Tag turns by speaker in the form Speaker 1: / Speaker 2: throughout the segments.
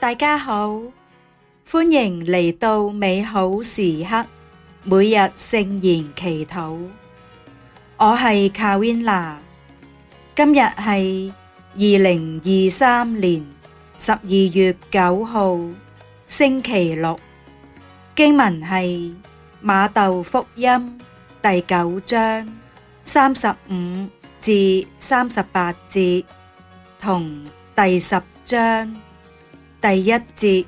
Speaker 1: 大家好，歡迎嚟到美好時刻，每日聖言祈禱。我係 Carina，今日係二零二三年十二月九號星期六，經文係馬竇福音第九章三十五至三十八節同第十章，第一節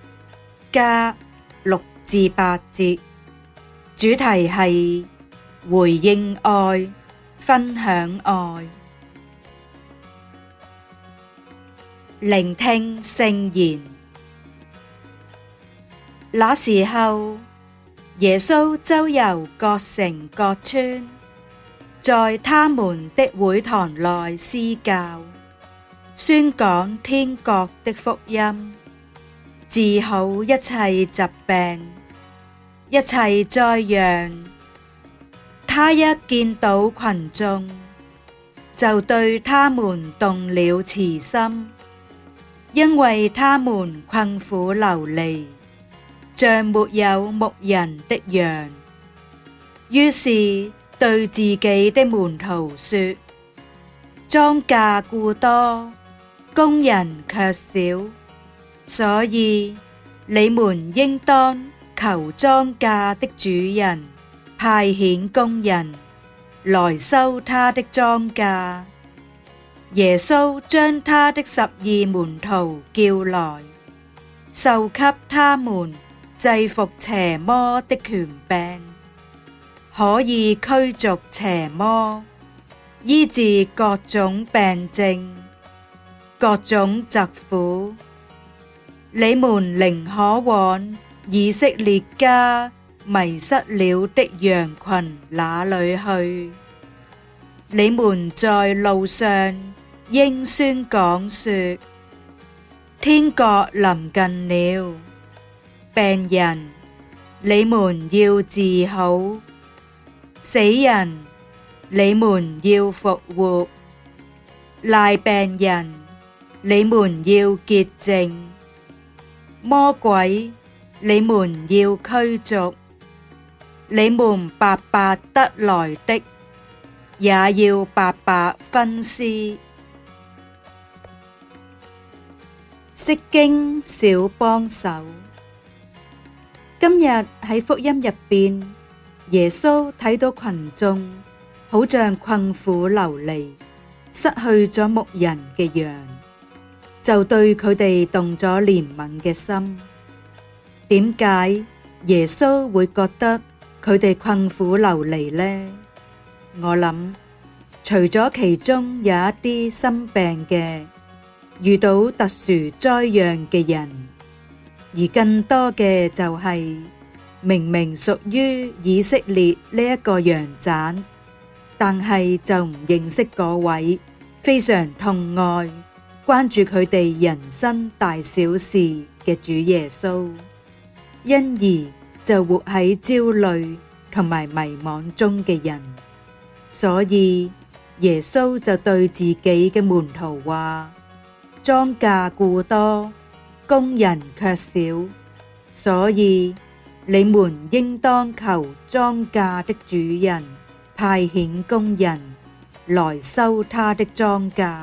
Speaker 1: 加六至八節，主題係回應愛、分享愛、聆聽聖言。那時候，耶穌周遊各城各村，在他們的會堂內施教，宣講天國的福音，治好一切疾病，一切災殃。他一見到群眾，就對他們動了慈心，因為他們困苦流離，像沒有牧人的羊。於是對自己的門徒說：莊稼固多，工人卻少。所以你們應當求莊稼的主人派遣工人，來收他的莊稼。耶穌將他的十二門徒叫來，授給他們制伏邪魔的權柄，可以驅逐邪魔，醫治各種病症、各種疾苦。你們寧可往以色列家迷失了的羊群那裏去。你們在路上應宣講說：天國臨近了。病人，你們要治好；死人，你們要復活；癩病人，你們要潔淨。魔鬼，你們要驅逐，你們白白得來的，也要白白分施。釋經小幫手，今日喺福音入邊，耶穌睇到群眾好像困苦流離，失去咗牧人嘅羊。就對佢哋動咗憐憫嘅心。點解耶穌會覺得佢哋困苦流離呢？我諗除咗其中有一啲心病嘅、遇到特殊災殃嘅人，而更多嘅就係、是、明明屬於以色列呢一個羊棧，但係就唔認識嗰位，非常痛愛。關注佢哋人生大小事嘅主耶穌，因而就活喺焦慮同埋迷惘中嘅人，所以耶穌就對自己嘅門徒話：莊稼固多，工人卻少，所以你們應當求莊稼的主人派遣工人，來收他的莊稼。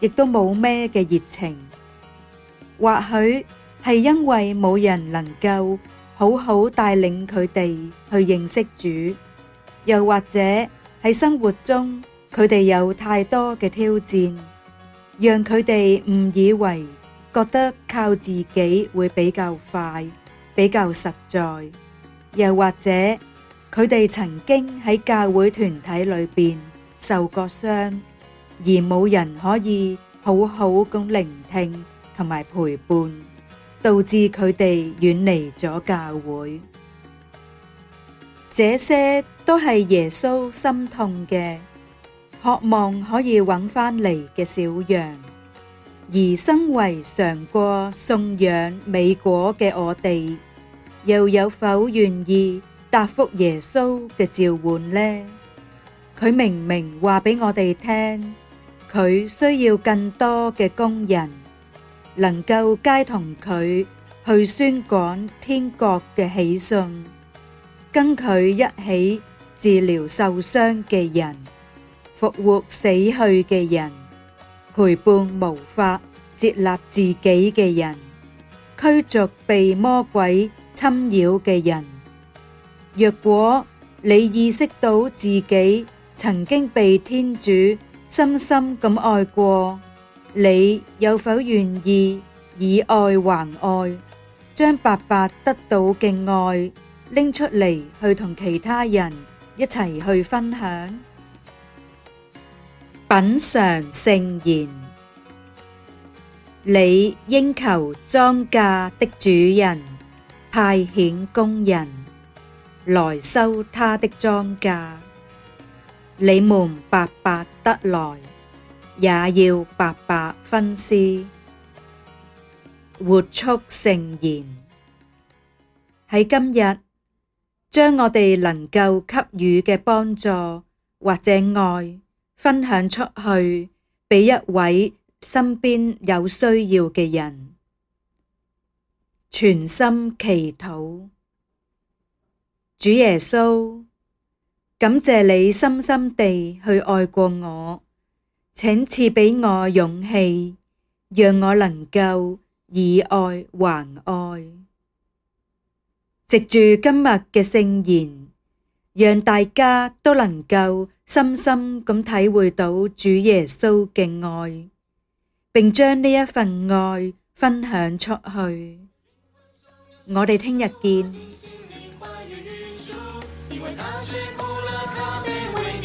Speaker 1: 亦都冇咩嘅熱情，或許係因為冇人能夠好好帶領佢哋去認識主，又或者喺生活中佢哋有太多嘅挑戰，讓佢哋誤以為覺得靠自己會比較快、比較實在，又或者佢哋曾經喺教會團體裏邊受過傷。而冇人可以好好咁聆聽同埋陪伴，導致佢哋遠離咗教會。這些都係耶穌心痛嘅，渴望可以揾翻嚟嘅小羊。而身為嘗過信仰美果嘅我哋，又有否願意答覆耶穌嘅召喚呢？佢明明話俾我哋聽。佢需要更多嘅工人，能夠偕同佢去宣講天國嘅喜訊，跟佢一起治療受傷嘅人，復活死去嘅人，陪伴無法接納自己嘅人，驅逐被魔鬼侵擾嘅人。若果你意識到自己曾經被天主真心咁愛過，你有否願意以愛還愛？將白白得到嘅愛拎出嚟，去同其他人一齊去分享。品嘗聖言，你應求莊稼的主人派遣工人，來收他的莊稼。你們白白得來，也要白白分施，活出聖言。喺今日，將我哋能夠給予嘅幫助或者愛分享出去，畀一位身邊有需要嘅人。全心祈禱，主耶穌。感謝你深深地去愛過我，請賜俾我勇氣，讓我能夠以愛還愛。藉住今日嘅聖言，讓大家都能夠深深咁體會到主耶穌嘅愛，並將呢一份愛分享出去。我哋聽日見。